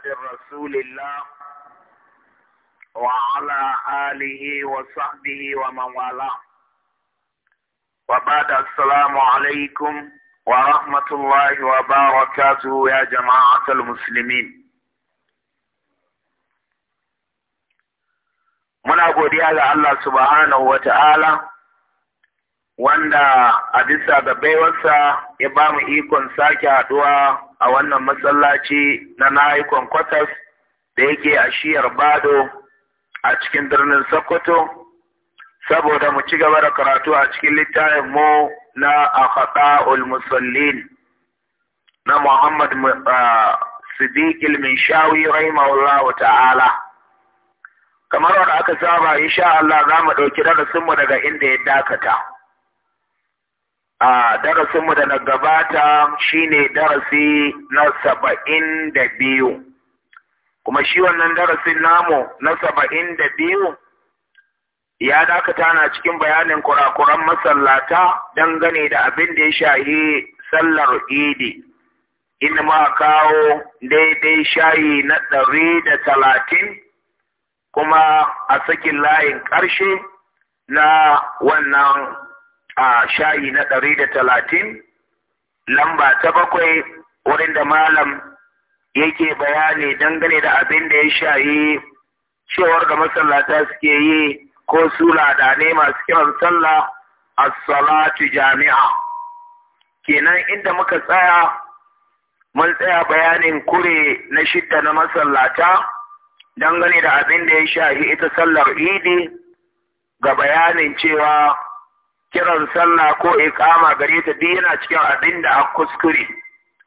محمد رسول الله وعلى آله وصحبه ومن والاه وبعد السلام عليكم ورحمة الله وبركاته يا جماعة المسلمين muna godiya ga Allah subhanahu wa ta'ala wanda a bisa ga baiwarsa ya ba mu ikon sake haɗuwa a wannan masallaci na Naikon Kwatas da yake a shiyar Bado a cikin birnin Sokoto saboda mu ci gaba da karatu a cikin littafin mu na Akhata'ul Musallin na Muhammad Siddiq al shawi rahimahullah ta'ala kamar wanda aka saba insha Allah za mu ɗauki darasinmu daga inda ya dakata a darasinmu da na gabata shine darasi na saba'in da biyu kuma shi wannan darasin namu na saba'in da biyu ya dakata na cikin bayanin kurakuran masallata dangane da abin da ya shayi sallar idi in ma kawo daidai shayi na ɗari da talatin kuma a sakin layin ƙarshe na wannan a shayi na ɗari da talatin lamba ta bakwai wurin da malam yake bayani dangane da abin da ya shayi cewar da masallata suke yi ko su ladane masu kiran sallah a salatu jami'a kenan inda muka tsaya mun tsaya bayanin kure na shidda na masallata dangane da abin da ya sha'i ita sallar idi ga bayanin cewa kiran sallah ko iqama gare ta duk yana cikin abin da aka kuskure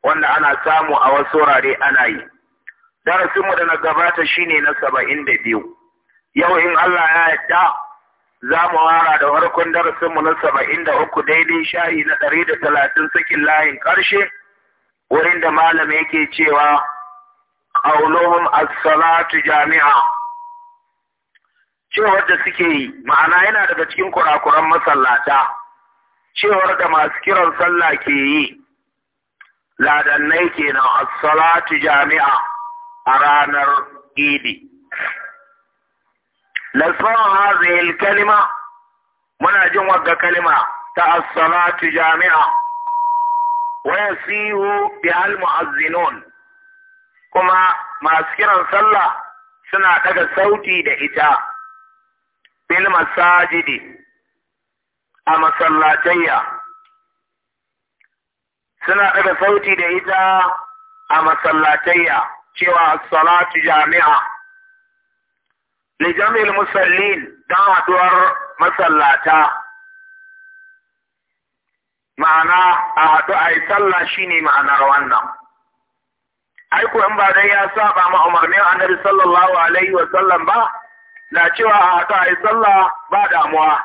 wanda ana samu a wasu wurare ana yi Darasin mu da na gabata shine na saba'in yau in Allah ya yarda za mu wara da farkon mu na saba'in daidai shahi na ɗari da talatin sakin layin ƙarshe wurin da malama yake cewa ƙaunuhum as-salatu jami'a cewar da suke yi ma'ana yana daga cikin kurakuran masallata cewar da masu kiran sallah ke yi ladannai kenan as jami'a a ranar idi lasfan hadhihi kalima muna jin wagga kalima ta asalatu jami'a waya siyo bi almu'azzinun kuma masu kiran sallah suna daga sauti da ita bil masajidi a masallatayya suna daga sauti da ita a masallatayya cewa salatu jami'a lijamil musallin don haɗuwar masallata ma'ana a haɗu a yi sallah shine ma'anar wannan ai in ba dai ya saba ma umarnin annabi sallallahu alaihi wa sallam ba na cewa a haka a yi sallah ba damuwa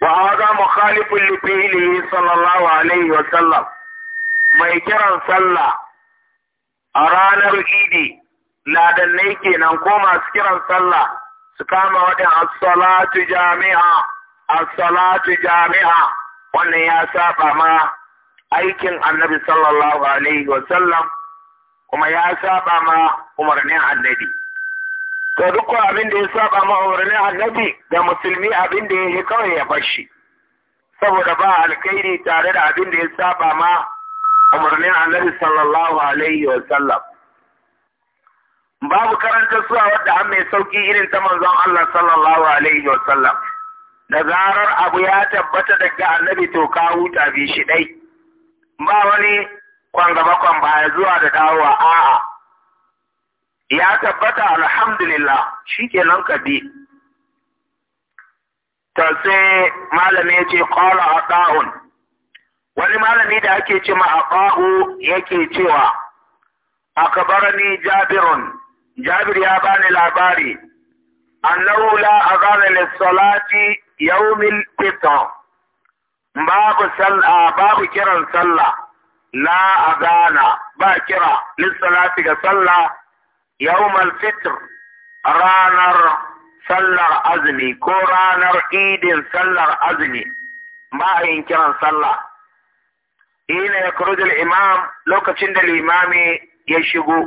wa haza mukhalifun li fili sallallahu alaihi wa sallam mai kiran sallah a ranar idi ladannai kenan ko masu kiran sallah su kama waɗin as-salatu jami'a as-salatu jami'a wannan ya saba ma aikin annabi sallallahu alaihi wa sallam kuma ya saba ma umarnin annabi to duk abin da ya saba ma umarnin annabi da musulmi abin da yake kawai ya bar shi saboda ba alkhairi tare da abin da ya saba ma umarnin annabi sallallahu alaihi wa sallam babu karanta suwa wadda an mai sauki irin ta manzon Allah sallallahu alaihi wa sallam da zarar abu ya tabbata daga annabi to ka huta bi shi dai ba wani kwan gaba kwan baya zuwa da dawowa a'a ya tabbata alhamdulillah shikenan ka bi ta sai malami ya ce a ata'un wani malami da ake ce ma ɓahu yake cewa A ni jabirun jabir ya bani labari annahu la azana lis-salati yawmil fitan babu sallah babu kiran sallah la gana ba kira lissalati ga sallah yawmal fitr ranar sallar azumi ko ranar idin sallar azumi ba a yin kiran sallah ina ya kurujul imam lokacin da limami ya shigo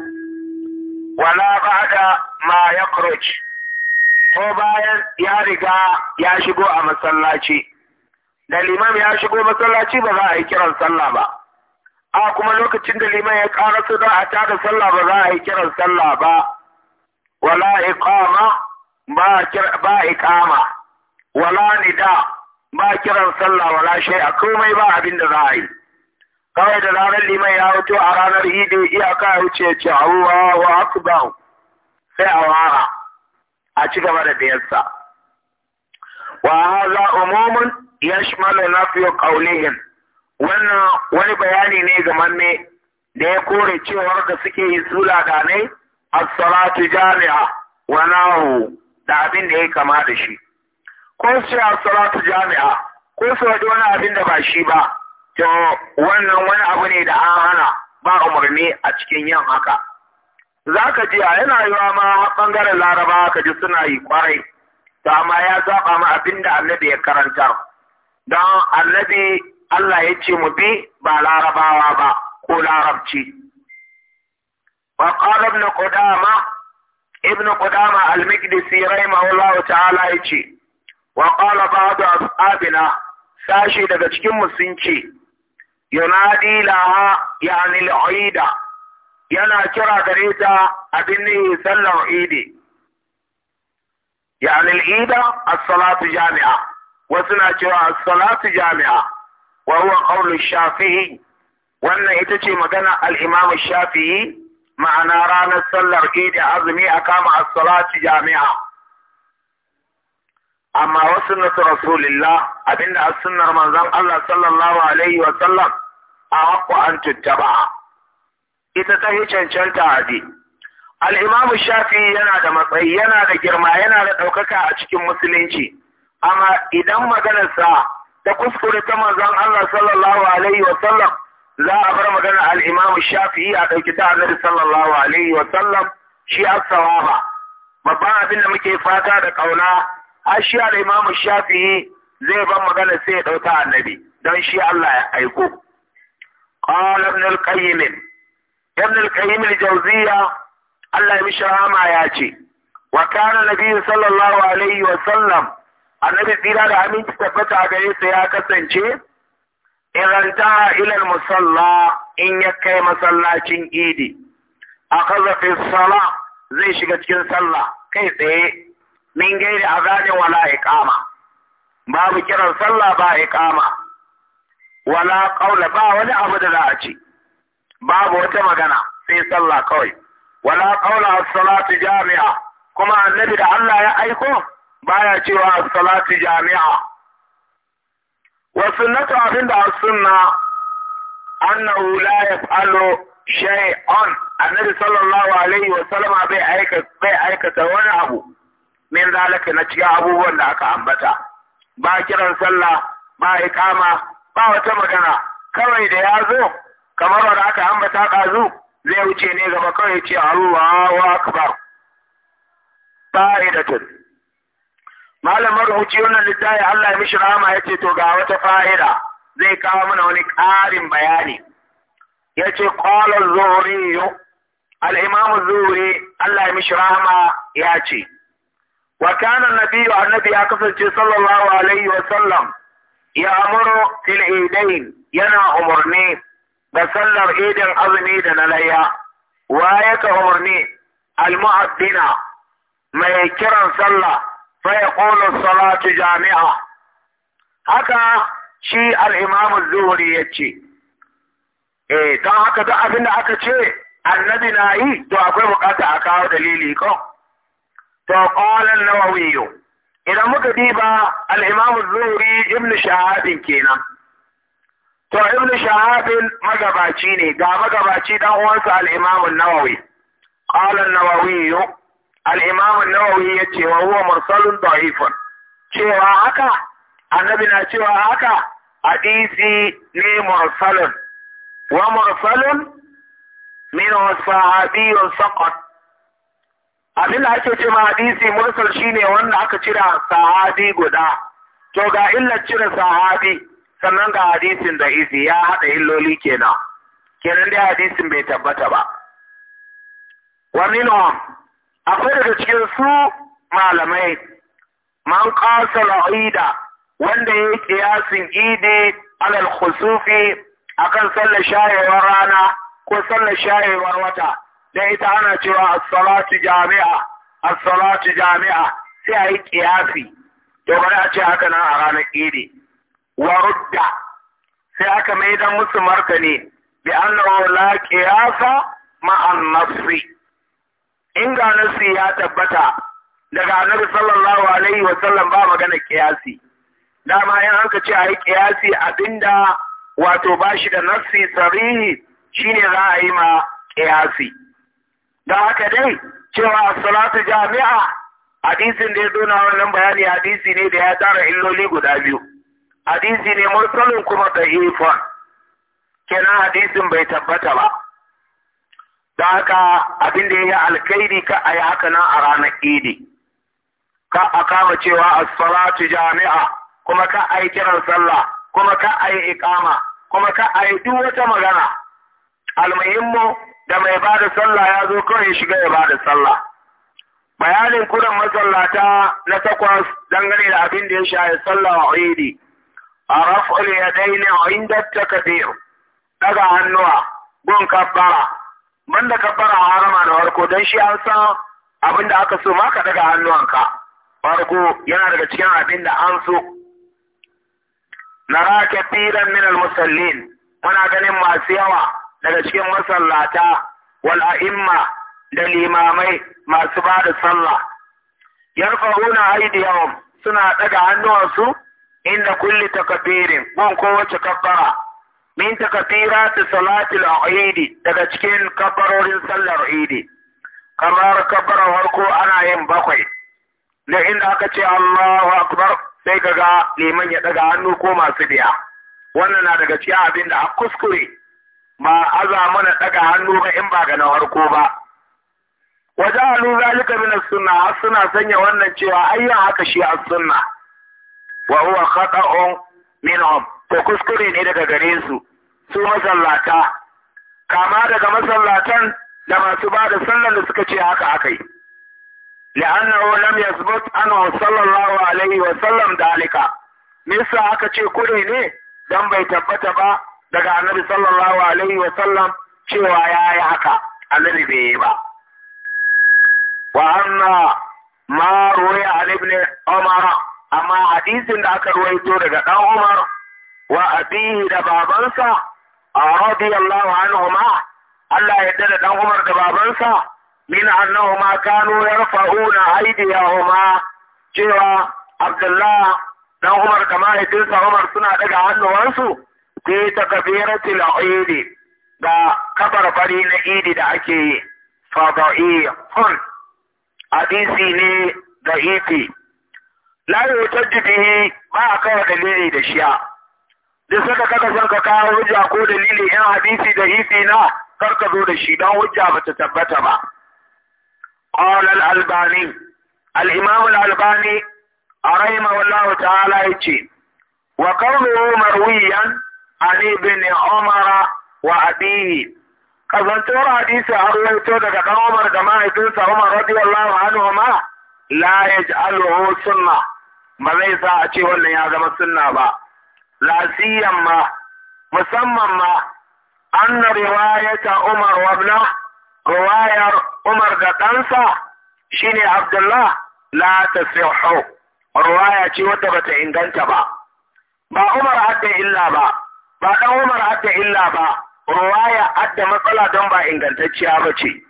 wala ba'da ma ya ko bayan ya riga ya shigo a masallaci da limam ya shigo masallaci ba za a yi kiran sallah ba a kuma lokacin da liman ya ƙara su za a tada sallah ba za a yi kiran sallah ba wala iqama ba ba iqama wala nida ba kiran sallah wala a komai ba abin da za a yi kawai da ranar liman ya wuto a ranar idi iyaka ya wuce ce Allahu akbar sai a wara a ci gaba da biyarsa wa hadha umumun yashmalu nafyu qawlihim wannan wani bayani ne manne da ya kore cewa da suke yi da ne as-salatu jami'a wa nahu da abin da ya kama da shi ko su as-salatu jami'a ko su wani abin da ba shi ba to wannan wani abu ne da an hana ba umarni a cikin yin haka za ka ji a yana yiwa ma bangaren laraba ka ji suna yi kwarai to amma ya zaba ma abin da annabi ya karanta don annabi Allah ya ce mu bi ba larabawa ba ko larabci. Wa qala ibn ƙudama, ibn ƙudama al-Maqdisi ta'ala ya ce wa ba da abina, sashi daga cikin musunci. sun yunadi laha yana kira gare ta abin ne sallar Eid Ya al as-salatu jami'a wasu na cewa as-salatu jami'a wa huwa qawlu shafi'i wannan ita ce magana al-imam shafi'i ma'ana ranar sallar idi azumi a kama as-salati jami'a amma wa sunnatu rasulillah abinda as sunnar manzon Allah sallallahu alaihi wa a haqqu an tuttaba ita ta yi cancanta abi al-imam shafi'i yana da matsayi yana da girma yana da ɗaukaka a cikin musulunci amma idan maganarsa da kuskure ta manzon Allah sallallahu alaihi wa sallam za a bar magana al-Imam Shafi'i a ɗauki ta Annabi sallallahu alaihi wa sallam shi as-sawaba babban abin da muke fata da kauna har shi al-Imam Shafi'i zai bar magana sai ya ɗauka Annabi don shi Allah ya aiko qala ibn al-Qayyim ibn al-Qayyim al-Jawziyya Allah ya mishi rahama ya ce wa kana nabiyyu sallallahu alaihi wa sallam annabi tsira da aminci tabbata a gare ya kasance iranta ilal musalla in ya kai masallacin idi a kazafin sala zai shiga cikin sallah kai tsaye min a azani wala iqama babu kiran sallah ba iqama wala qaula ba wani abu da za a ce babu wata magana sai sallah kawai wala qaula as-salatu jami'a kuma annabi da Allah ya aiko baya cewa salati jami'a Wasu sunnatu abinda as-sunna annahu la yaf'alu shay'an annabi sallallahu alaihi wa sallam bai aika bai aikata wani abu min zalika na cikin abubuwan da aka ambata ba kiran sallah ba iqama ba wata magana kawai da yazo zo kamar wanda aka ambata kazu zai wuce ne gaba kawai ce Allahu akbar tun. malamar rubuci wannan littafi Allah ya mishi rahama ya ce to ga wata fa'ida zai kawo mana wani ƙarin bayani ya ce ƙwalar yau, al'imamu zuhuri Allah ya mishi rahama ya ce wa kana nabiyu annabi ya kasance sallallahu alaihi wa sallam ya amuru fil idain yana umarni da sallar idin azumi da na layya wa ya ka umarni al mai kiran sallah faya ƙolin salatu jami'a haka shi al'imamun zuhuri ya ce eh don haka duk abin da aka ce annabi na yi to akwai bukata a kawo dalili ko to ƙolin nawawiyo idan muka diba al'imamun zuri ibn shahabin kenan to ibn shahabin magabaci ne ga magabaci dan uwansa al'imamun nawawi ƙolin nawawiyo al’imam imam an-nawawi yace wa huwa marsalin da'ifun cewa haka annabi na cewa haka hadisi ne marsalin wa marsalin min sahabiyyun saqat abin da ake cewa hadisi shi shine wanda aka cira sahabi guda to ga illar cire sahabi sannan ga hadisin da izi ya haɗa illoli kenan kenan dai hadisin bai tabbata ba wa minhum akwai daga cikin su malamai man kasa la'ida wanda ya yi kiyasin idi alal khusufi akan sallar shayewar rana ko sallar shayewar wata da ita ana cewa a salatu jami'a as-salatu jami'a sai ayi kiyasi to bari a ce haka nan a ranar idi wa rudda sai aka mai dan musu martani bi annahu la qiyasa ma'an nafsi in ga nasu ya tabbata daga annabi sallallahu alaihi wa sallam ba magana kiyasi dama in an ka ce a kiyasi abinda wato bashi da nasi sarihi shine za a yi ma kiyasi da haka dai cewa salatu jami'a hadisin da ya dona wannan bayani hadisi ne da ya tara illoli guda biyu hadisi ne mursalin kuma da ifa kenan hadisin bai tabbata ba da haka abin da ya yi alkhairi ka a yi haka nan a ranar idi ka a kama cewa a salatu jami'a kuma ka a yi kiran sallah kuma ka a yi ikama kuma ka a yi duk wata magana almuhimmu da mai ba da sallah ya zo kawai shiga ya ba da sallah bayanin kudin masallata na takwas dangane da abin da ya shafi sallah a idi a raf'ul a inda takbir daga hannuwa gun kabbara banda da kabbara harama da farko don shi an san abin da aka so ma ka daga hannuwanka farko yana daga cikin abin da an so nara kafiran min al muna ganin masu yawa daga cikin masallata wal da limamai masu ba da sallah yarfa'una aydiyahum suna daga hannuwansu inda kulli takbirin gon kowace kabbara min takfirati salatil eid daga cikin kabarorin sallar eid kamar kabara farko ana yin bakwai na inda aka ce Allahu akbar sai kaga liman ya daga hannu ko masu biya wannan na daga cikin abin da a kuskure ba aza mana daga hannu ba in ba ga na farko ba waje alu zalika min sunna suna sanya wannan cewa ayyan haka shi as sunna wa huwa khata'un minhum to kuskure ne daga gare su su masallata kama daga masallatan da masu ba da sallar da suka ce haka akai لأنه لم يثبت أنه صلى الله عليه وسلم ذلك nisa aka ce kure ne dan bai tabbata ba daga annabi sallallahu alaihi wa sallam cewa ya yi haka annabi bai ba wa anna ma ruwaya ibn umar amma hadisin da aka ruwaito daga dan umar wa abihi da babansa a radiyallahu anhuma Allah ya yarda da dan Umar da babansa min annahuma kanu yarfa'una aydiyahuma cewa Abdullah ɗan Umar da mahaifinsa Umar suna daga hannuwansu fi takbiratil eid da kabar fari na idi da ake yi fa hun hadisi ne da ifi la yutajjidu ba a kawo dalili da shi'a da suka kada son ka kawo hujja ko dalili in hadisi da hisi na kar ka zo da shi dan hujja ba ta tabbata ba qala al-albani al-imam al-albani araima wallahu ta'ala yace wa qawluhu marwiyan an ibn umar wa abihi kazantar hadisi a ruwaito daga dan Umar da mahaifinsa Umar radiyallahu anhu ma la yaj'aluhu sunna ba zai sa a ce wannan ya zama sunna ba lasiyan ma musamman ma anna riwayata Umar wabna riwayar Umar da ɗansa shine Abdullah la tasihhu riwaya ce wadda bata inganta ba ba Umar hadda illa ba ba dan Umar hadda illa ba riwaya hadda matsala don ba ingantacciya ba ce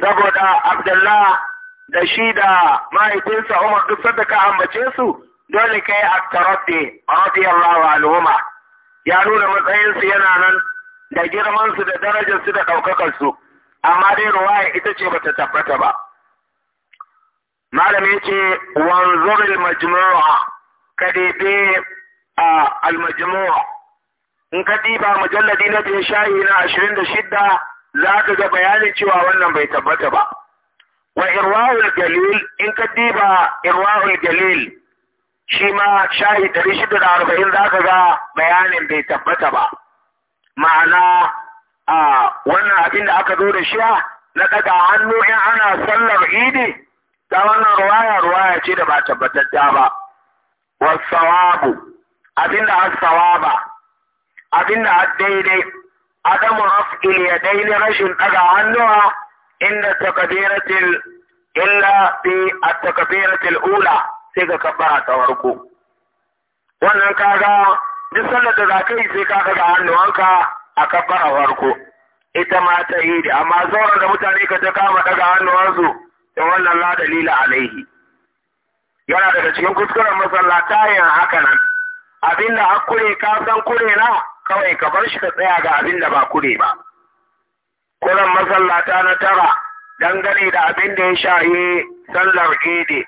saboda Abdullah da shi da mahaifinsa Umar duk ka ambace su dole kai at-tarabbi radiyallahu anhuma ya nuna matsayin su yana nan da girman su da darajar su da ɗaukakarsu, su amma dai ruwaya ita ce bata tabbata ba malami yace wanzur al-majmu'a kadibi al-majmu'a in ka diba mujalladi na biyu shahi na ashirin da shidda za ka ga bayanin cewa wannan bai tabbata ba wa irwa'ul galil in ka diba irwa'ul galil shi ma shahi ɗari shida da arba'in za ka ga bayanin bai tabbata ba ma'ana a wannan abin da aka zo da shi na daga hannu in ana sallar idi ta wannan ruwaya ruwaya ce da ba tabbatatta ba wasawabu abin da asawaba abin da daidai adamu af'il ya daidai rashin daga hannuwa inda takabiratil illa bi at-takbiratil ula sai ka kabbara ta farko wannan kaga duk sallar da za yi sai ka daga hannuwanka a kabbara farko ita ma ta yi da amma sauran da mutane ka ta kama daga hannuwansu da wannan la dalila alaihi yana daga cikin kuskuren masallata yin haka nan abin da kure ka san kure na kawai ka bar shi ka tsaya ga abin da ba kure ba kuren masallata na tara dangane da abin da ya shaye sallar idi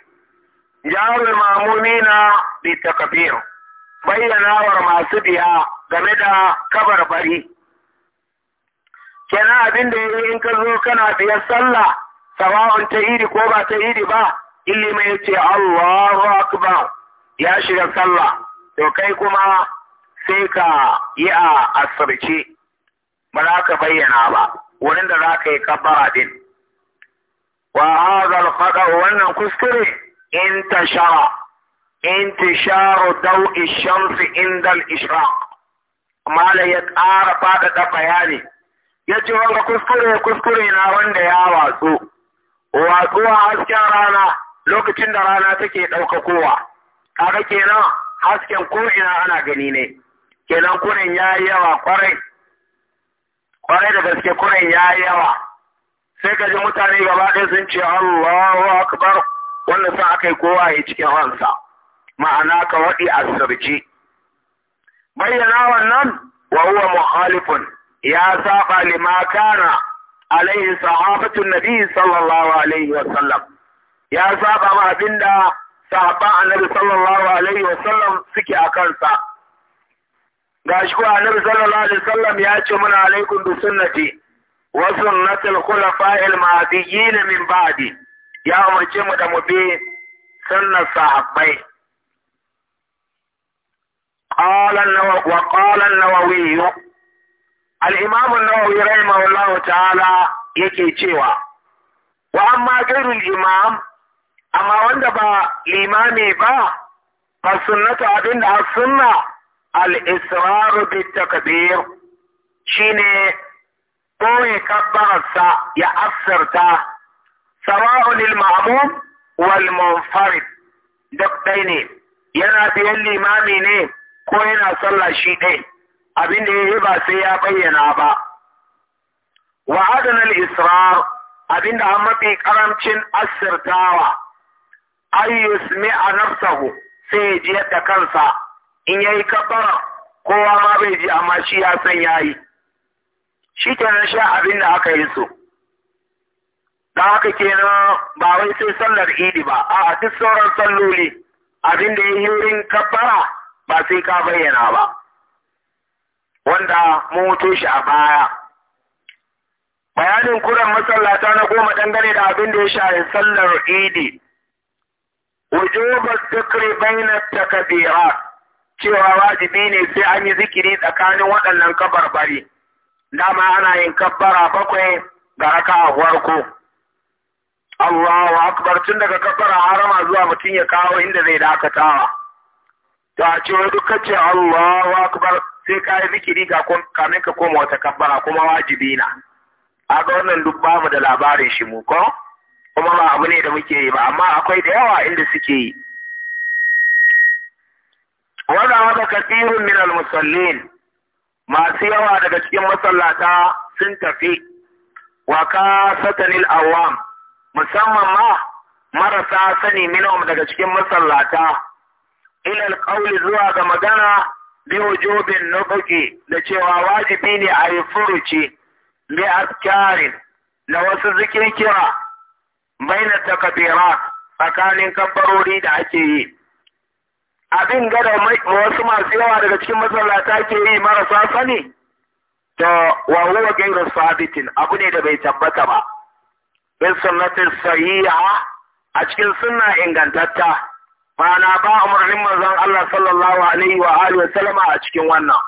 jarul na bi takbir bayyanawar masu biya game da kabarbari kenan abin da yayi in ka zo kana biya sallah sawa'un ta idi ko ba ta idi ba ilimi yace Allahu akbar ya shiga sallah to kai kuma sai ka yi a asirce ba za ka bayyana ba wurin da za ka yi kabbara din wa hadha al wannan kuskure انتشر انتشار ضوء الشمس عند الإشراق mala ya ƙara faɗaɗa bayani ya ce wanga kuskure kuskure na wanda ya watsu watsuwa hasken rana lokacin da rana take ɗaukakowa kaga kenan hasken ko ina ana gani ne kenan kuren ya yi yawa kwarai da gaske kuren ya yawa sai ka mutane gaba ɗaya sun ce Allahu akbar wannan sa aka yi kowa ya cikin ransa ma'ana ka waɗi a sirji bayyana wannan wa huwa muhalifun ya saba lima kana alaihi sahabatun nabi sallallahu alaihi wa sallam ya saba ma abinda sahabban annabi sallallahu alaihi wa sallam suke a kansa gashi ko annabi sallallahu alaihi wa sallam ya ce muna alaikum bi sunnati wa sunnatil khulafa'il mahdiyyin min ba'di ya umarce mu da mu bi sunnar sahabbai قال النووي وقال النووي الإمام النووي رحمه yake cewa wa amma gairul imam amma wanda ba limami ba fa sunnatu abinda as sunna al israru bit takbir shine boye kabararsa ya asarta sawa'un lil ma'mum wal munfarid duk ɗaya ne yana biyan limami ne ko yana sallah shi ɗaya abin da yayi ba sai ya bayyana ba wa adana al israr abin da an mafi karamcin asirtawa ay yusmi'a nafsahu sai ji da kansa in yayi kafara kowa ma bai ji amma shi ya san yayi shi kenan sha abin da aka yi so da haka kenan ba wai sai sallar idi ba a duk sauran salloli abin da ya yi wurin kabbara ba sai ka bayyana ba wanda mun shi a baya bayanin kuran masallata na goma dangane da abin da ya shafi sallar idi wujubar zikri baina takbira cewa wajibi ne sai an yi zikiri tsakanin waɗannan kabarbari dama ana yin kabbara bakwai ga raka a farko Allahu akbar tun daga kafar harama zuwa mutum ya kawo inda zai dakatawa. Ta ce wai duk ce Allahu akbar sai ka yi zikiri ga kamin ka koma wata kafara kuma wajibi na. A ga wannan duk bamu da labarin shi mu ko? Kuma ba abu ne da muke yi ba amma akwai da yawa inda suke yi. Wanda wata kasirun min al-musallin masu yawa daga cikin masallata sun tafi wa satanil awam musamman ma marasa sani minhum daga cikin masallata ilal kauli zuwa ga magana bi wujubin nubuki da cewa wajibi ne a yi furuci bi azkarin da wasu zikirkira baina takabira tsakanin kabbarori da ake yi abin gada wasu masu yawa daga cikin masallata ke yi marasa sani to wa huwa ghayru sabitin abu ne da bai tabbata ba bin sunnatin sahiha a cikin sunna ingantatta ma'ana ba umarnin manzon Allah sallallahu alaihi wa alihi wa sallama a cikin wannan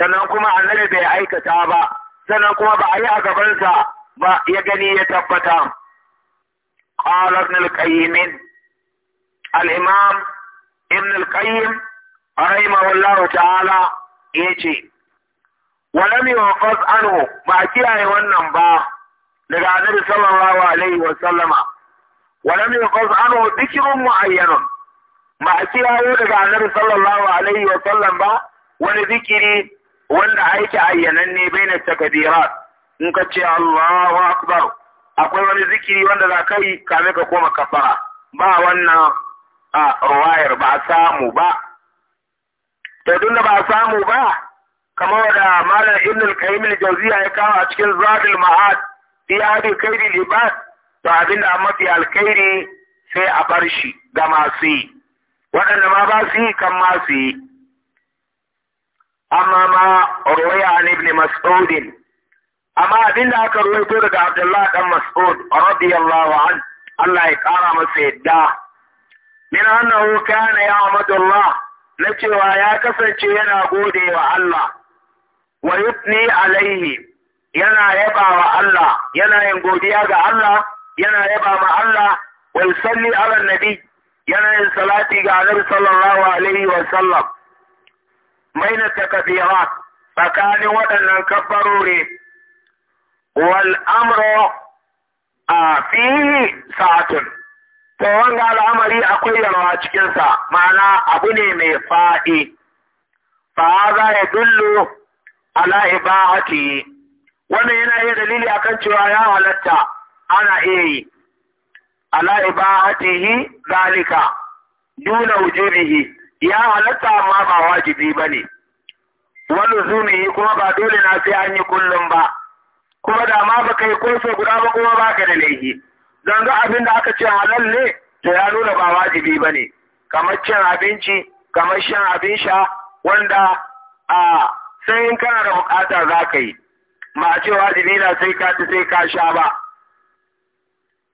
sannan kuma annabi bai aikata ba sannan kuma ba a yi a gabansa ba ya gani ya tabbata qala ibn al-qayyim al-imam ibn al-qayyim rahimahullahu ta'ala yace wa lam yuqaz anhu ba kiyaye wannan ba daga annabi sallallahu alaihi wa sallama wa lam yuqaz anhu dhikrun mu'ayyanun ba a kirawo daga annabi sallallahu alaihi wa sallam ba wani zikiri wanda aiki ayyananne baina takbirat in ka ce Allahu akbar akwai wani zikiri wanda za ka yi ka koma kafara ba wannan a ruwayar ba a samu ba to tunda ba a samu ba kamar da malam ibn al-qayyim al-jawziya ya kawo a cikin zadul ma'ad fi hadi kairi libas to abin da mafi alkairi sai a bar shi ga masu yi waɗanda ma ba su yi kan masu yi amma ma ruwaya an ibn mas'udin amma abin da aka ruwaito daga abdullahi dan mas'ud radiyallahu an Allah ya ƙara masa yadda min annahu kana ya Allah na cewa ya kasance yana gode wa Allah wa yutni alaihi yana yaba wa Allah yana yin godiya ga Allah yana yaba ma Allah wa salli ala nabi yana yin salati ga annabi sallallahu alaihi wa sallam maina takbirat tsakanin waɗannan kabbarore wal amru a fi sa'atun to wanga al'amari akwai yarwa cikin sa ma'ana abu ne mai fadi fa za ya dullu ala ibahati wannan yana iya dalili akan cewa ya halatta ana iya yi ala ibahatihi zalika duna wujubihi ya halatta amma ba wajibi bane wani zumi kuma ba dole na sai an yi kullum ba kuma da ma baka yi kunsa guda ba kuma ba ka da laifi don abin da aka ce halal ne to ya nuna ba wajibi ba ne. kamar cin abinci kamar shan abin sha wanda a sai in kana da bukata za ka yi ma a cewa na sai ka ci sai ka sha ba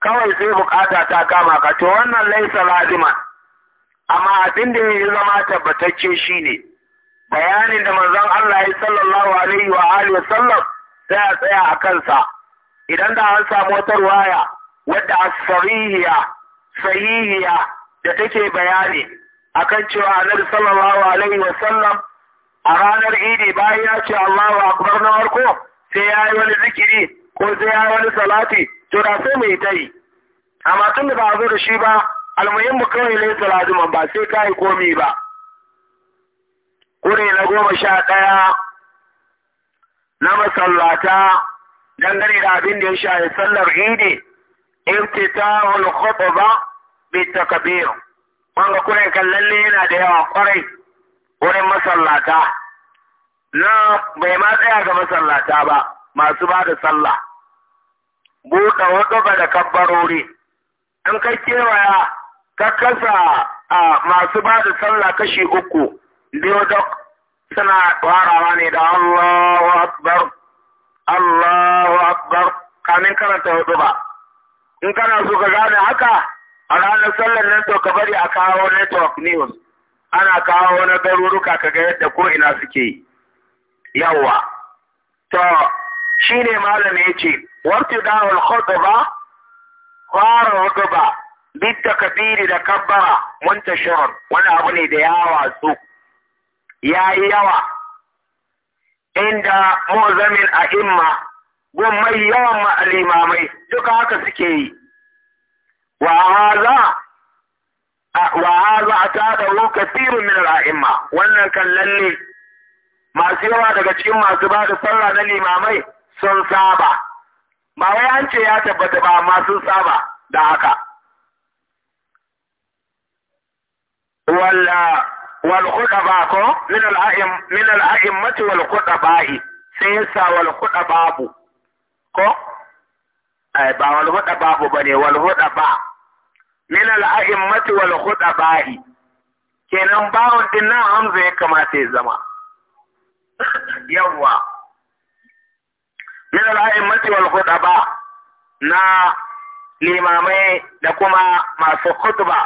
kawai sai bukata ta kama ka to wannan laisa lazima amma abin da ya zama tabbatacce shine bayanin da manzon Allah ya sallallahu alaihi wa alihi wa sallam sai a tsaya a kansa idan da an samu wata ruwaya wadda as-sahihiya sahihiya da take bayani akan cewa Annabi sallallahu alaihi wa sallam a ranar Idi bayan ya ce Allahu akbar na farko sai ya yi wani zikiri ko sai ya yi wani salati to da sai mai ta yi amma tun da ba a zo da shi ba mu kawai ne saladuman ba sai ka yi komi ba kure na goma sha ɗaya na masallata dangane da abin da ya shafi sallar ta ba, bai ta bi takbir wanga kure kallon yana da yawa kwarai wurin masallata na bai ma tsaya ga masallata ba masu ba da sallah buɗe ba da kabbarori in ka kewaya ka kasa a masu ba da sallah kashi uku biyu suna warawa ne da Allahu Akbar Allahu Akbar kamin karanta hudu ba in kana so ka gane haka a ranar sallar nan to ka bari a kawo network news ana kawo na garuruka ka ga yadda ko ina suke yi yawwa to shine malam yace wartida wal khutba fara khutba bi takbiri da kabbara muntashirun wani abu ne da yawa su yayi yawa inda mu'zamin a'imma gun mai yawan ma'alimamai duka haka suke yi wa haza wa haza ta da lokacin min al'a'imma wannan kan lalle masu yawa daga cikin masu ba da sallah na limamai sun saba ba wai an ce ya tabbata ba amma sun saba da haka walla wal khudaba ko min al a'im min al a'immati wal khudaba'i sai yasa wal khudababu ko ai eh, ba wal khudababu bane wal khudaba min al a'immati wal khudaba'i kenan bawon din nan hamza ya kamata ya zama yawwa min al'a'immati wal khutaba na limamai da kuma masu khutba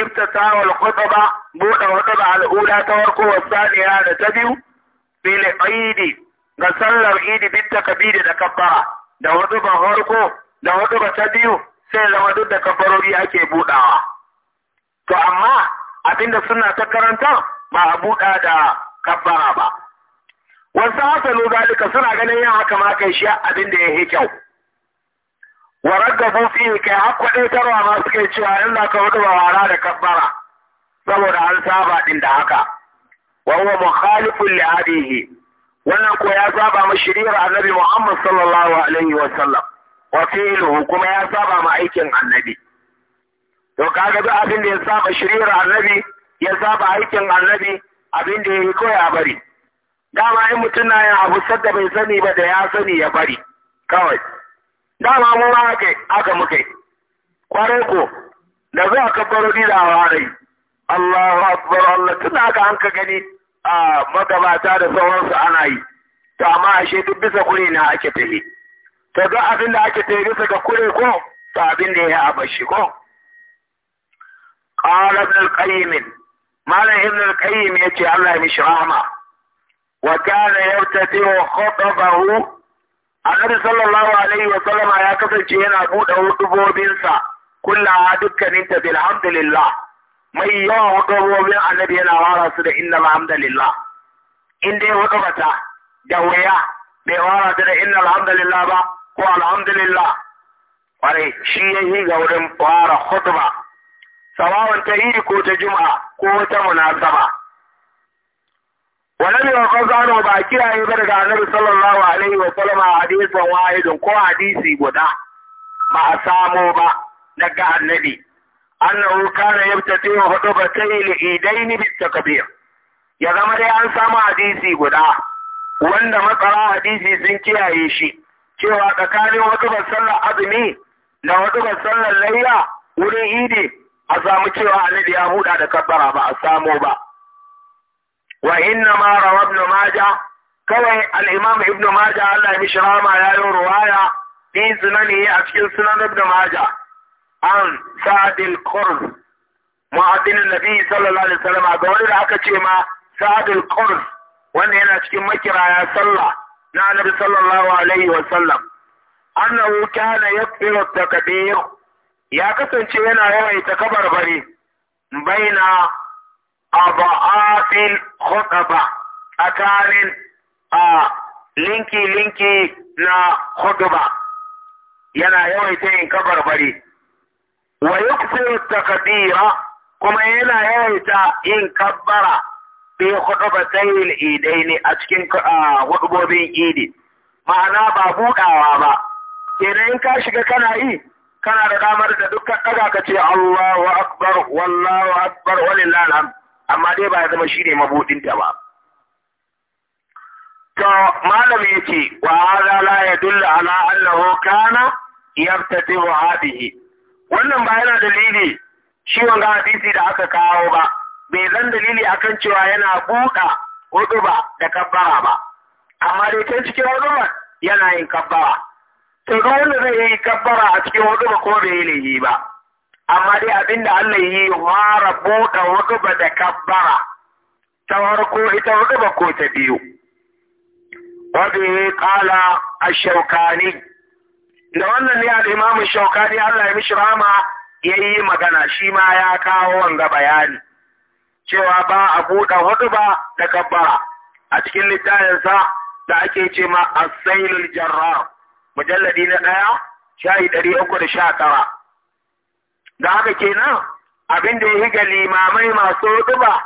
iftitahu al khutba buɗe khutba al'ula ta farko wasaniya da ta biyu bil aidi ga sallar idi bit takbiri da kabbara da khutba farko da khutba ta biyu sai zama duk da kabbarori ake buɗawa to amma abinda suna ta karanta ba a buɗa da kabbara ba wasu hasalu zalika suna ganin yin haka ma kai shi abin da yi kyau wa raggabu fi kai har tarwa ma suke cewa in za ka hudu wara da kabbara saboda an saba din da haka wa huwa mukhalifun li hadihi wannan ko ya saba ma shiriyar annabi Muhammad sallallahu alaihi wa sallam wa fi'luhu kuma ya saba ma aikin annabi to kaga duk abin da ya saba shiriyar annabi ya saba aikin annabi abin da yi ko a bari dama in mutum na yin abu sadda bai sani ba da ya sani ya bari kawai dama mu ma haka aka muke kwarai ko da ka baro ni da warai Allahu akbar Allah tun haka an ka gani a magabata da sauransu ana yi to amma ashe duk bisa kure na ake tafi to duk abin da ake tafi bisa ga kure ko to abin da ya haɓa shi ko qala ibn al-qayyim malam ibn al-qayyim yace Allah ya mishi rahma وكان يبتدئ خطبه النبي صلى الله عليه وسلم يا كفر جينا بود أو تبوا بنسا كل عادك كان انت بالحمد لله ما يوا وقبوا بنا النبي أنا وارس إن الحمد لله إن دي وقبتا جويا بوارس إن الحمد لله با هو الحمد لله وري شيء هي جورم وار خطبة سواء تهيك وتجمع قوة مناسبة wani yankon Zano ba a kiyaye ba daga annabi sallallahu alaihi wa sallama a hadisin wahidin ko hadisi guda ba a samo ba daga annabi wuka na annahu kana yabtati wa hudu ba kai li idaini ka takbir ya zama dai an samu hadisi guda wanda makara hadisi sun kiyaye shi cewa tsakanin wata ban sallar azumi na wata ban sallar layya wurin idi a samu cewa annabi ya huda da kabbara ba a samo ba وإنما روى ابن ماجه كوي الإمام ابن ماجه الله مشرام على رواية في سننه أشكل سنن ابن ماجه عن سعد القرز معدن النبي صلى الله عليه وسلم أقول لك ما سعد القرز وأن هنا أشكل مكرا يا صلى na annabi sallallahu alaihi wa sallam annahu kana yakfiru takbir ya kasance yana yawaita kabarbari بين aba'atil khutaba tsakanin a linki-linki na khutba yana yawaita yin kabarbari wa yuksir takbira kuma yana yawaita yin kabbara bi khutbatayil idaini a cikin hudubobin idi ma'ana ba buɗawa ba kenan ka shiga kana yi kana da damar da dukkan ɗaga ka ce Allahu akbar wallahu akbar walillahi alhamd amma dai ba ya zama shi ne mabudinta ba to malam yace wa haza la dulla ala Allah kana wa hadhihi wannan ba yana dalili shi wanga hadisi da aka kawo ba bai zan dalili akan cewa yana buɗa ba da kabbara ba amma dai can cikin ba yana yin kabbara to duk wanda zai yi kabbara a cikin ba ko bai yi laifi ba amma dai abinda da Allah yi fara buɗe ba da kabbara ta farko ita ba ko ta biyu wabi kala ash-shawkani da wannan ne al-imamu shawkani Allah ya mishi rama yayi magana shi ma ya kawo wanga bayani cewa ba a buɗe ba da kabbara a cikin littafinsa da ake ce ma a sailul jarrar mujalladi na ɗaya shayi ɗari uku da sha tara da haka kenan abin da ya yi ga limamai masu ba,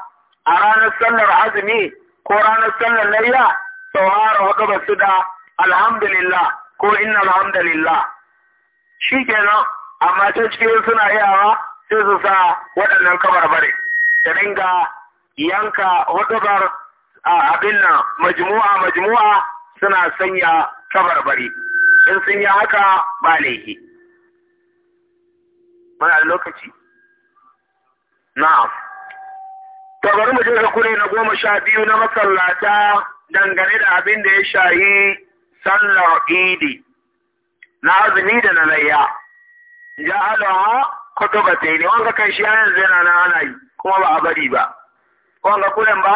a ranar sallar azumi ko ranar sallar layya saurara ba su da alhamdulillah ko inna alhamdulillah shi kenan amma ta cikin suna yawa sai su sa waɗannan bare ta dinga yanka huɗubar abin nan majmu'a majmu'a suna sanya bare in sun yi haka ba laifi. muna lokaci Na. to bari mu je ga kure na goma sha biyu na masallata dangane da abin da ya shayi sallar idi na azumi da na layya yi ne wanga kan shi yanzu yana na ana yi kuma ba a bari ba wanga kuren ba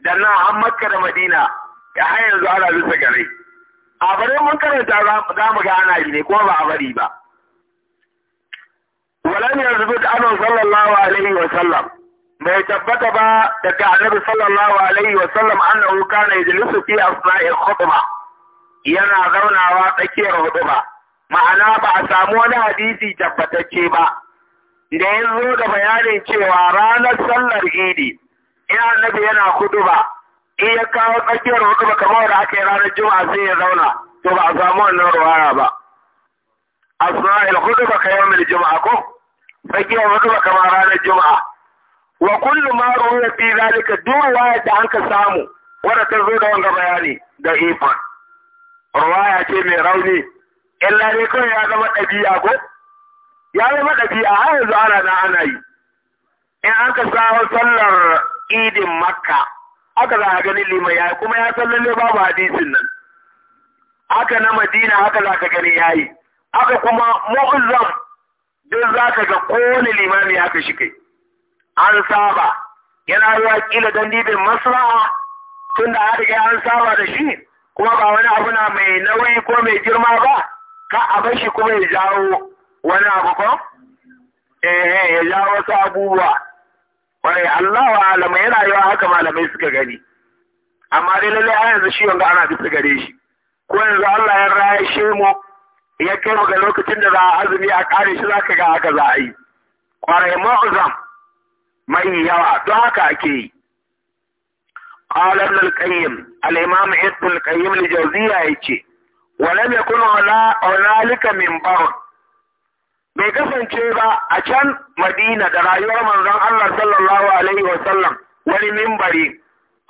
da na an makka da madina ya har yanzu ana bisa gare a bari mun karanta za mu ga ana yi ne kuma ba a bari ba ولم يثبت عنه صلى الله عليه وسلم bai tabbata ba daga annabi sallallahu alaihi wa sallam annahu kana yajlisu fi asna'i khutba yana zaunawa tsakiyar huduba ma'ana ba a samu wani hadisi tabbatacce ba da ya zo da bayanin cewa ranar sallar idi Ina annabi yana huduba in ya kawo tsakiyar ba kamar da aka yi ranar juma'a sai ya zauna to ba a samu wannan ruwaya ba asna'il ba ka yawmil juma'a ko tsakiyar hudu ba kamar ranar juma'a wa kullu ma ruwa fi zalika duk ruwaya da an ka samu wanda ta zo da wanga bayani da ifa ruwaya ce mai rauni illa ne kawai ya zama ɗabi'a ko ya zama ɗabi'a har yanzu ana na ana yi in an ka samu sallar idin makka aka za a ganin liman yayi kuma ya ne babu hadisin nan haka na madina haka za ka gani yayi haka kuma mu'azzam duk za ka ga kowane limami haka shi kai an saba yana ruwa kila don dibin maslaha tun da riga an saba da shi kuma ba wani abu na mai nauyi ko mai girma ba ka a bar shi kuma ya jawo wani abu ko eh ya jawo wasu abubuwa kwarai Allah wa alamai yana yawa haka malamai suka gani amma dai lallai a yanzu shi wanda ana bisa gare shi ko yanzu Allah ya raya shi mu ya kai mu ga lokacin da za azumi a kare shi zaka ga haka za a yi kwarai mai yawa don haka ake yi قال ابن القيم الإمام ابن القيم لجوزية يتي ولم يكن هنالك من بر bai kasance ba a can Madina da rayuwar manzon Allah sallallahu alaihi wa wani mimbari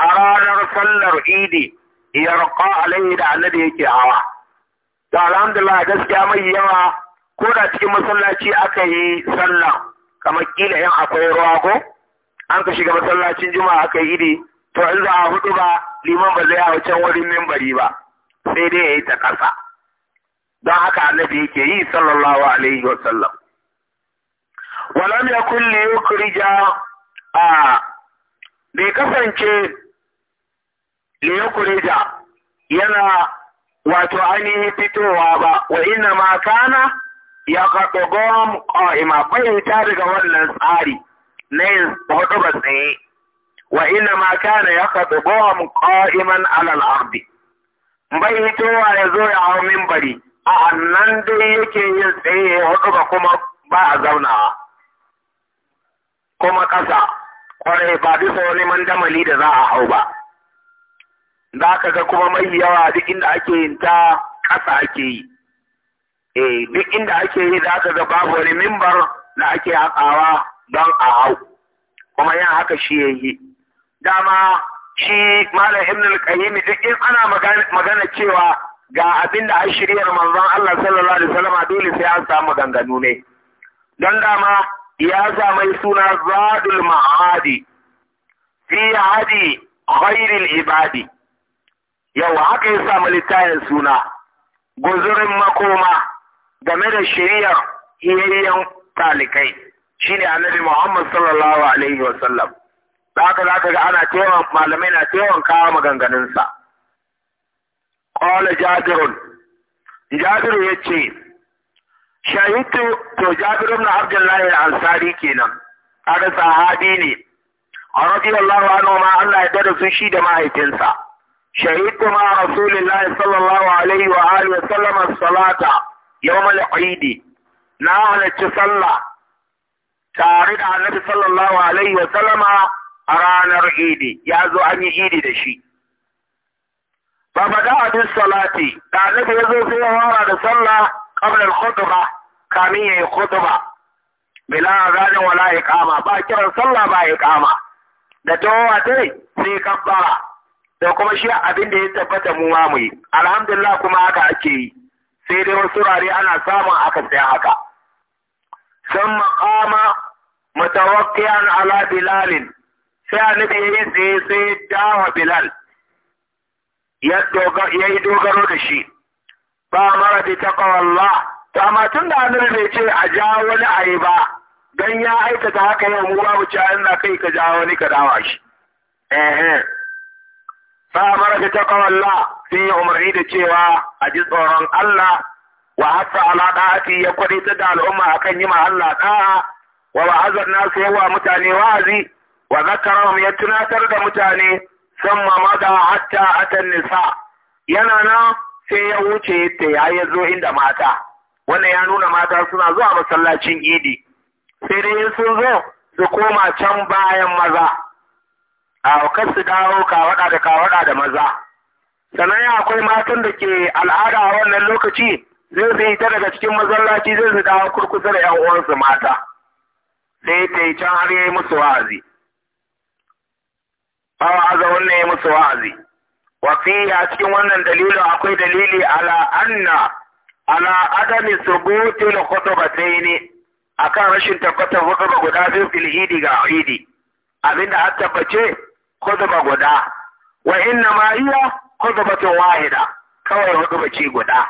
a ranar sallar Idi yarqa alaihi da annabi yake hawa da alhamdulillah gaskiya mai yawa ko da cikin masallaci aka yi sallah kamar kila yan akwai ruwa ko an ka shiga masallacin juma'a aka yi idi to in za a hudu ba liman ba zai hau can wurin mimbari ba sai dai ya yi ta ƙasa don haka annabi yake yi sallallahu alaihi wa sallam walam yakun li yukhrija a bai kasance li yukhrija yana wato ainihin fitowa ba wa ina ma kana ya kaɗo gom ƙa'ima bai ta daga wannan tsari na yin hudu ba tsaye wa ina ma kana ya kaɗo gom ƙa'iman alal ardi bai hitowa ya zo ya hau mimbari a annan dai yake yin tsaye hudu ba kuma ba a zaunawa kuma ƙasa ƙwarai ba bisa wani mandamali da za a hau ba za ka ga kuma mai yawa duk inda ake yin ta ƙasa ake yi eh duk inda ake yi za ka ga babu wani mimbar da ake haƙawa don a hau kuma yin haka shi ya yi dama shi malam ibn al-qayyim duk in ana magana cewa ga abin da an shiryar manzon Allah sallallahu alaihi wasallam dole sai an samu ganganu ne don dama ya sa mai suna zadul ma'adi fi hadi khairil ibadi yawa haka ya samu littafin suna guzurin makoma game da shirya iyayyen talikai shine annabi Muhammad sallallahu alaihi wa sallam da haka zaka ga ana tewon malamai na tewon kawo maganganun sa qala jabir jabir yace shahitu to jabir na abdullah al-ansari kenan kaga sahabi ne radiyallahu anhu ma Allah ya dada su shi da mahaifinsa شهدت مع رسول الله صلى الله عليه وآله وسلم الصلاة يوم العيد نعمل تصلى تارد عن النبي صلى الله عليه وسلم أرانا العيد يازو أني عيد دشي فبدأ بالصلاة النبي يزو في وارد صلى قبل الخطبة كمية خطبة بلا أذان ولا إقامة باكرا صلى با إقامة da towa dai sai da kuma shi abin da ya tabbata mu ma mu yi alhamdulillah kuma haka ake yi sai dai wasu rare ana samun aka sai haka san makama mutawakkian ala bilal sai an da yayi sai sai dawa bilal ya yi dogaro da shi ba mara bi ta to amma tun da annabi bai ce a ja wani ayi ba dan ya aikata haka yau mu babu ci na kai ka ja wani ka dawa shi eh samar ta takawalla sun yi umarni da cewa a ji tsoron Allah wa hasa ala da'ati ya kwadita da al'umma akan yi ma Allah da'a wa wa'azar nasu yawa mutane wa'azi wa zakarahum ya tunatar da mutane sun mamada hatta atan nisa yana nan sai ya wuce ta ya zo inda mata wannan ya nuna mata suna zuwa masallacin idi sai dai sun zo su koma can bayan maza a kan su dawo kawada da kawada da maza sannan ya akwai matan da ke al'ada a wannan lokaci zai zai ta daga cikin masallaci zai zai dawo kurkusa da 'yan'uwansu uwansu mata sai ta yi can har yi musu wa'azi a aza wannan ya musu wa'azi wa a cikin wannan dalilin akwai dalili ala anna ala adami ne. A akan rashin tabbatar hutuba guda biyu fil hidi ga hidi abinda har tabbace khutba guda wa inna ma iya khutbatun wahida kawai ce guda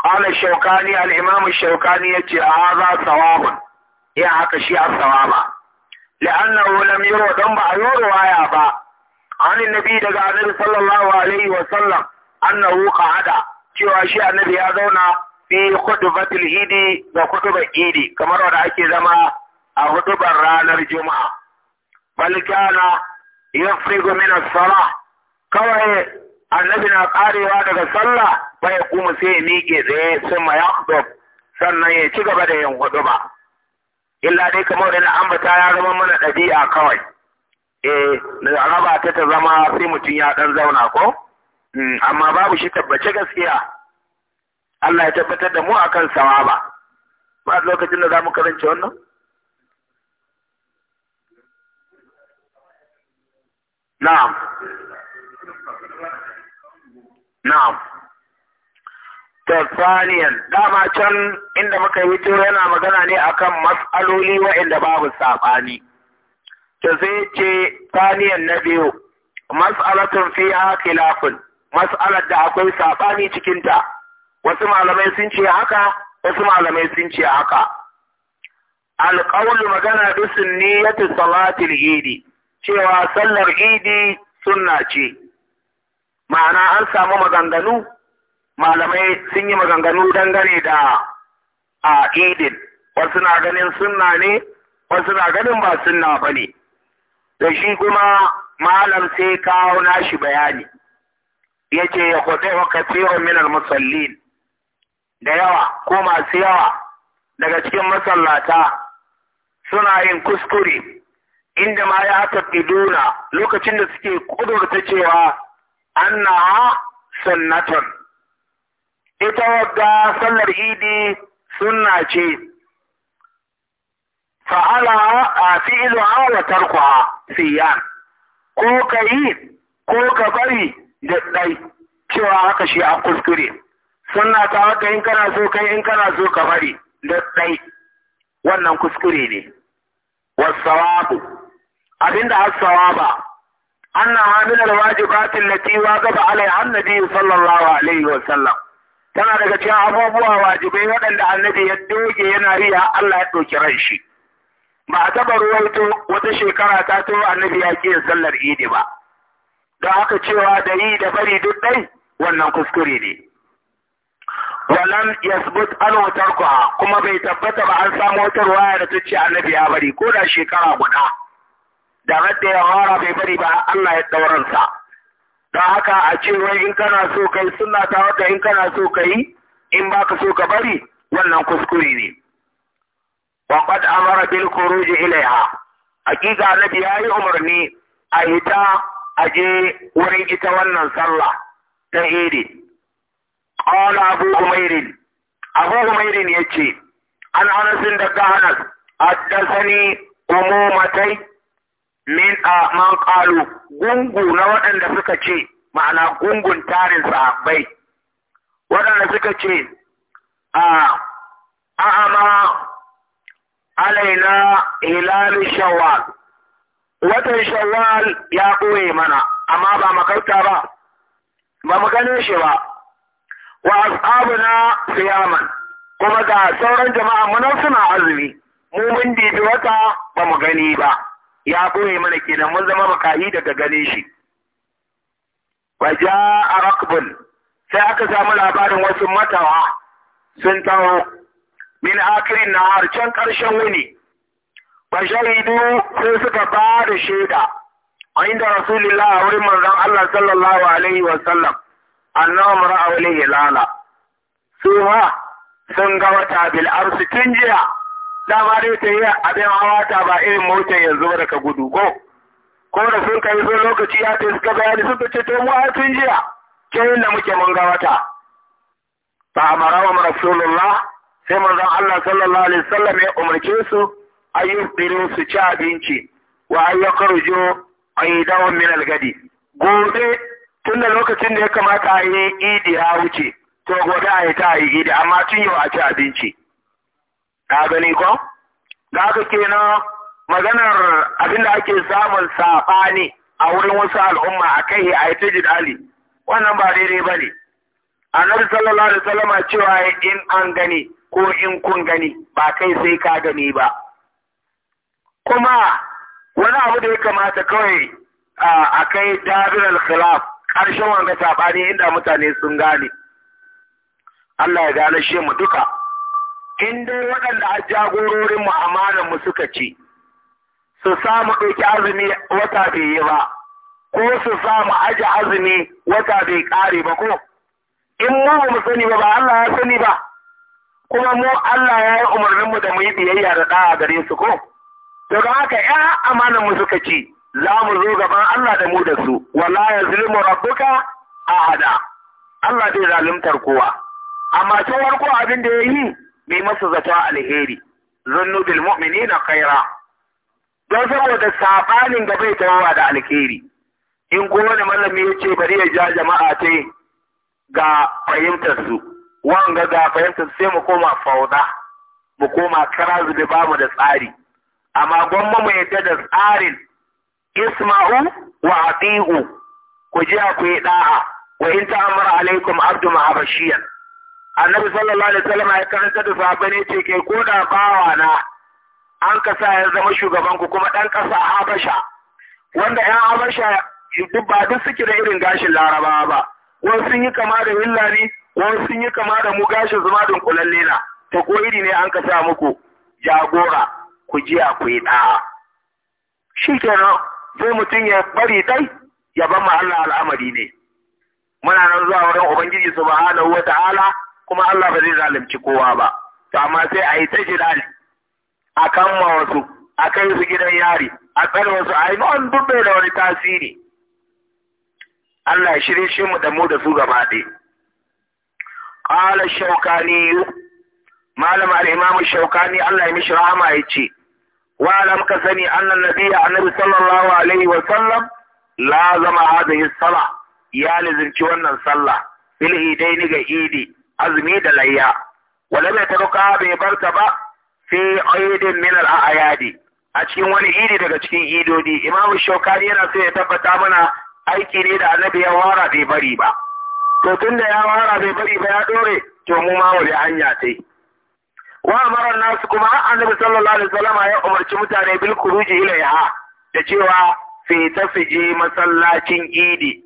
قال الشوكاني a الشوكاني يتي هذا ثواب يا a شيء الثواب لأنه لم يرو ba. يرو يا با عن النبي دقى النبي صلى الله عليه وسلم أنه قعد cewa shi annabi ya zauna fi khutbatul idi ga khutbar idi kamar wanda ake zama a hudubar ranar juma'a bal kana yafrigu min as kawai annabi na karewa daga sallah bai kuma sai ya miƙe tsaye ma yakhdub sannan ya ci gaba da hudu ba. illa dai kamar da na ambata ya zama mana ɗabi'a kawai eh da raba ta ta zama sai mutum ya ɗan zauna ko amma babu shi tabbace gaskiya Allah ya tabbatar da mu akan sawaba ba lokacin da za mu wannan na'am na'am saniyan dama can inda muka yi turo yana magana ne akan mas'aloli waɗanda babu saɓani to sai ce saniyan na biyu mas'alatun fiha khilafun mas'alar da akwai saɓani cikinta wasu malamai sun ce haka wasu malamai sun ce haka alƙawul magana bisun niyyatu salatil idi cewa sallar idi sunna ce ma'ana an samu maganganu malamai sun yi maganganu dangane da a idin wasu na ganin sunna ne wasu na ganin ba sunna ba ne da shi kuma malam sai kawo nashi bayani Ya ce ya kwatsai wa kathirun min musallin da yawa ko masu yawa daga cikin masallata suna yin kuskure inda ma ya taqiduna lokacin da suke kudurta cewa annaha sannatan. ita wadda sallar idi suna ce fa'ala a fi fi'iluha wa tarkwa. siyan ko ka yi ko ka bari da ɗai cewa haka shi a kuskure Suna ta haka in kana so kai in kana so ka bari da ɗai wannan kuskure ne wasu abinda hassawa ba annaha min alwajibat allati gaba alai annabi sallallahu alaihi wa sallam tana daga cikin abubuwa wajibai waɗanda annabi ya doge yana riya Allah ya ɗauki ran shi ba a taɓa ruwaito wata shekara ta to annabi ya ke sallar idi ba don haka cewa da yi da bari duk dai wannan kuskure ne walam yasbut an wutar kuma bai tabbata ba an samu wata waya da ta ce annabi ya bari ko da shekara guda da radda ya fara bai bari ba Allah ya ɗauransa. Don haka a ce wai in kana so kai suna ta wata in kana so kai in ba ka so ka bari wannan kuskure ne. Wa amara bil khuruj ilaiha. Hakika Annabi yayi umarni a hita a je wurin ita wannan sallah ta Eid. Qala Abu Umair Abu Umair yace an Anas da Anas حدثني أمومتي min a man ƙalu gungu na waɗanda suka ce ma'ana gungun tarin sahabbai waɗanda suka ce a a'ama alaina hilali shawwal watan shawwal ya ɓoye mana amma ba makauta ba ba mu gane shi ba wa na siyaman kuma ga sauran jama'a mu nan suna azumi mu mun didi wata ba mu gani ba ya boye mana kenan mun zama makahi daga gane shi waja a rakbun sai aka samu labarin wasu matawa sun taho min akirin har can ƙarshen wuni ba shahidu sai suka ba da shaida a inda rasulullah a wurin manzon Allah sallallahu alaihi wa sallam annahu wa lana su ma sun ga wata bil tun jiya dama dai ta yi abin hawa ta ba irin mota yanzu ba daga gudu ko ko da sun kai zo lokaci ya ta suka bayani suka ce to mu har tun jiya ke da muke mun ga wata fa amara wa rasulullah sai manzon Allah sallallahu alaihi wasallam ya umarce su ayyubirin su ci abinci wa ayyakarujo aidawan min algadi gobe tun da lokacin da ya kamata a yi idi ya wuce to gobe a yi ta yi idi amma tun yau a ci abinci ka gani ko ga ka kenan maganar abinda da ake samun saɓani a wurin wasu al'umma a kai a yi ta jidali wannan ba daidai ba ne annabi sallallahu alaihi wasallama cewa in an gani ko in kun gani ba kai sai ka gani ba kuma wani abu da ya kamata kawai a kai al khilaf ƙarshen wanga sabani inda mutane sun gane Allah ya gane shi mu duka in dai waɗanda a jagororin mu'amalar mu suka ci su samu ɗauki azumi wata bai yi ba ko su samu aji azumi wata bai ƙare ba ko in mu ba mu sani ba ba Allah ya sani ba kuma mu Allah ya yi umarnin mu da mu yi biyayya da ɗaya gare su ko to don haka ya amanan mu suka ci za mu zo gaban Allah da mu da su wala ya yazlimu rabbuka ahada Allah bai zaluntar kowa amma tun farko abin da ya yi mai masa zato alheri zannu bil mu'minina khaira don saboda sabanin da bai tawa da alheri in kuma ne malami ya ce bari ya ja jama'a ta ga fahimtar su wanga ga fahimtar sai mu koma fauda mu koma karazu da bamu da tsari amma gwamma mu yadda da tsarin isma'u wa ati'u ku ji ku yi da'a wa in ta'amara alaikum abdu ma'abashiyan annabi sallallahu alaihi wasallam ya karanta da sahabbai ne ce ke ko da bawa na an sa ya zama shugaban ku kuma dan kasa Habasha wanda ya Habasha duk ba duk suke da irin gashin laraba ba ko sun yi kama da Hillari ko sun yi kama da mu gashin zumadin kulalle na ta ko iri ne an sa muku jagora ku jiya ku yi da kenan sai mutum ya bari dai ya ban ma Allah al'amari ne muna nan zuwa wurin Ubangiji subhanahu wata'ala kuma Allah ba zai zalunci kowa ba to amma sai a yi ta jidali a kama wasu a kai su gidan yari a tsare wasu a yi ma'an dubbe da wani tasiri Allah shirin shi mu da mu da su gaba ɗaya qala shaukani malam al-imam shaukani Allah ya mishi rahama ce. wa alam ka sani anna nabiyya annabi sallallahu alaihi wa sallam lazama hadhihi salah ya lazimci wannan sallah bil idaini ga idi azumi da layya wala mai taruka bai barta ba fi aidin min al ayadi a cikin wani idi daga cikin idodi imamu shaukani yana so ya tabbata mana aiki ne da annabi ya wara bai bari ba to tunda ya wara bai bari ba ya dore to mu ma wani hanya tai wa amara nasu kuma annabi sallallahu alaihi wasallam ya umarci mutane bil khuruji ilaiha da cewa fi ta masallacin idi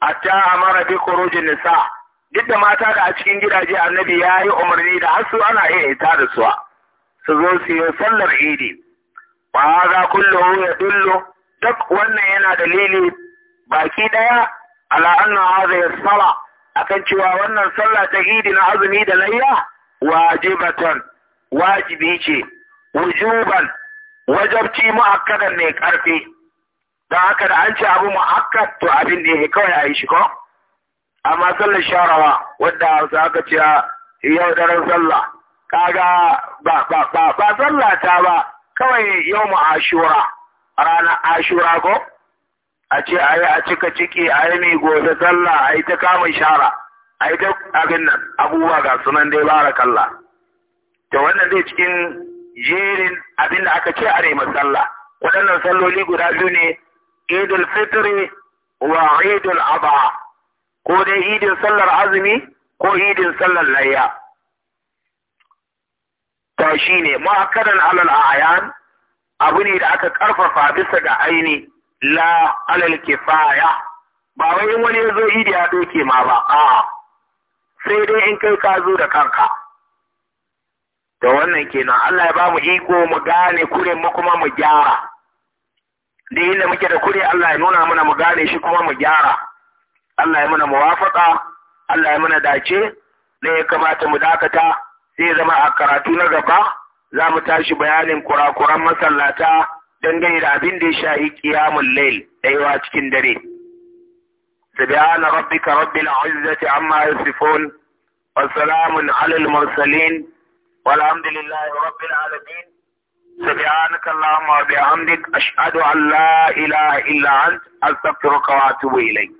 ata amara bi khurujin nisa duk da mata da a cikin gidaje annabi ya yi umarni da hasu ana iya ita da suwa su zo su yi sallar idi ba za kullu ya dullo duk wannan yana dalili baki daya ala anna hadhihi sala akan cewa wannan sallah ta idi na azumi da layya wajibatan wajibi ce wujuban wajabci mu'akkadan ne karfi dan haka da an ce abu mu'akkad to abin da yake kawai a yi shi ko amma sallar sharawa wadda za ka ce yau daren sallah kaga ba ba ba ba sallah ta ba kawai yau mu ashura ranar ashura ko a ce a yi a cika ciki a yi mai gobe sallah a yi ta kama shara a yi ta abin nan abubuwa ga sunan dai barakallah to wannan zai cikin jerin abin da aka ce a neman sallah waɗannan salloli guda biyu ne idul fitri wa idul adha ko dai idin sallar azumi ko idin sallar layya to shine mu'akkadan alal ayan abu ne da aka karfafa bisa ga aini la alal kifaya ba wai wani ya zo idi ya doke ma ba a sai dai in kai ka zo da kanka Da wannan kenan Allah ya ba mu iko mu gane kuren mu kuma mu gyara da inda muke da kure Allah ya nuna mana mu gane shi kuma mu gyara Allah ya muna muwafaka Allah ya muna dace ne ya kamata mu dakata sai zama a karatu na gaba za mu tashi bayanin kurakuran masallata dangane da abin da ya shahi qiyamul layl daiwa cikin dare سبحان ربك رب العزة عما يصفون وسلام على المرسلين والحمد لله رب العالمين سبحانك اللهم وبحمدك أشهد أن لا إله إلا أنت أستغفرك وأتوب إليك